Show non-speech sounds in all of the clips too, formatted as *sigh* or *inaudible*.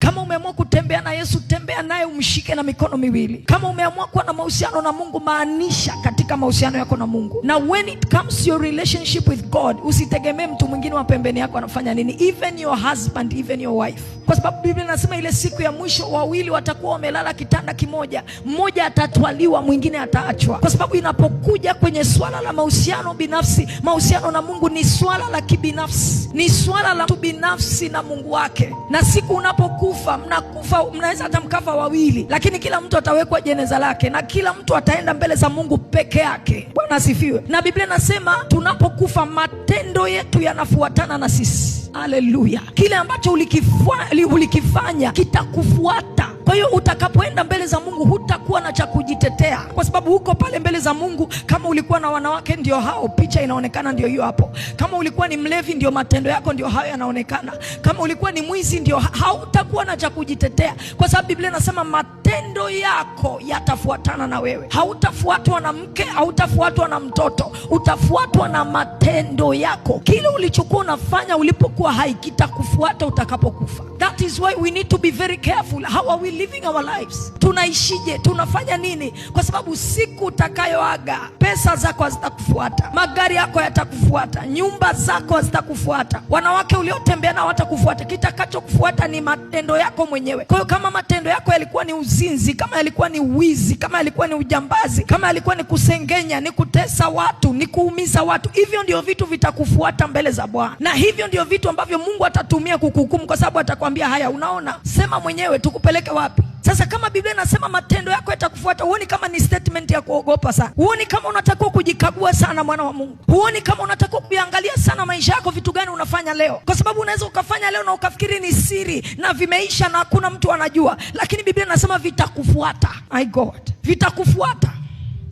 Kama umeamua kutembea na Yesu, tembea naye, umshike na mikono miwili. Kama umeamua kuwa na mahusiano na Mungu, maanisha katika mahusiano yako na Mungu. Na when it comes to your relationship with God, usitegemee mtu mwingine wa pembeni yako anafanya nini, even your husband, even your wife, kwa sababu Biblia inasema ile siku ya mwisho wawili watakuwa wamelala kitanda kimoja, mmoja atatwaliwa, mwingine ataachwa. Kwa sababu inapokuja kwenye swala la mahusiano binafsi, mahusiano na Mungu ni swala la kibinafsi, ni swala la mtu binafsi na Mungu wake. Na siku unapokufa, mnakufa, mnaweza hata mkafa wawili, lakini kila mtu atawekwa jeneza lake na kila mtu ataenda mbele za Mungu peke peke yake. Bwana asifiwe. Na Biblia inasema tunapokufa matendo yetu yanafuatana na sisi. Haleluya! Kile ambacho ulikifanya, ulikifanya kitakufuata. Kwa hiyo utakapoenda mbele za Mungu huta haukuwa na cha kujitetea, kwa sababu huko pale mbele za Mungu, kama ulikuwa na wanawake ndio hao, picha inaonekana ndio hiyo hapo. Kama ulikuwa ni mlevi, ndio matendo yako ndio hayo yanaonekana. Kama ulikuwa ni mwizi, ndio hautakuwa na cha kujitetea, kwa sababu Biblia inasema matendo yako yatafuatana na wewe. Hautafuatwa na mke, hautafuatwa na mtoto, utafuatwa na matendo yako. Kile ulichokuwa unafanya ulipokuwa hai kitakufuata utakapokufa. That is why we need to be very careful. How are we living our lives? Tunaishije? Tuna unafanya nini, kwa sababu siku utakayoaga pesa zako hazitakufuata, magari yako yatakufuata, nyumba zako hazitakufuata, wanawake uliotembea nao watakufuata. Kitakachokufuata ni matendo yako mwenyewe. Kwa hiyo kama matendo yako yalikuwa ni uzinzi, kama yalikuwa ni wizi, kama yalikuwa ni ujambazi, kama yalikuwa ni kusengenya, ni kutesa watu, ni kuumiza watu, hivyo ndio vitu vitakufuata mbele za Bwana, na hivyo ndio vitu ambavyo Mungu atatumia kukuhukumu, kwa sababu atakwambia haya, unaona, sema mwenyewe tukupeleke wapi? Sasa kama Biblia inasema matendo yako yatakufuata, huoni kama ni statement ya kuogopa sana? Huoni kama unatakiwa kujikagua sana, mwana wa Mungu? Huoni kama unatakiwa kuangalia sana maisha yako, vitu gani unafanya leo? Kwa sababu unaweza ukafanya leo na ukafikiri ni siri na vimeisha na hakuna mtu anajua, lakini Biblia inasema vitakufuata. My God, vitakufuata.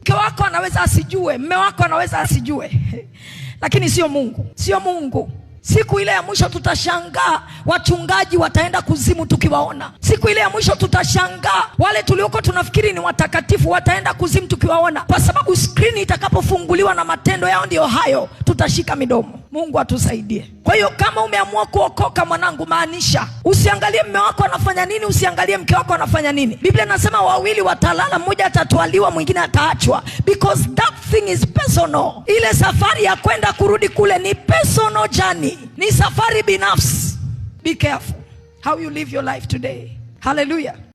Mke wako anaweza asijue, mme wako anaweza asijue, *laughs* lakini sio Mungu, sio Mungu. Siku ile ya mwisho tutashangaa, wachungaji wataenda kuzimu tukiwaona. Siku ile ya mwisho tutashangaa, wale tulioko tunafikiri ni watakatifu wataenda kuzimu tukiwaona, kwa sababu skrini itakapofunguliwa na matendo yao ndiyo hayo, tutashika midomo. Mungu atusaidie. Kwa hiyo kama umeamua kuokoka, mwanangu, maanisha usiangalie mme wako anafanya nini, usiangalie mke wako anafanya nini. Biblia inasema wawili watalala, mmoja atatwaliwa, mwingine ataachwa, because that thing is personal. Ile safari ya kwenda kurudi kule ni personal journey, ni safari binafsi. Be careful how you live your life today. Hallelujah.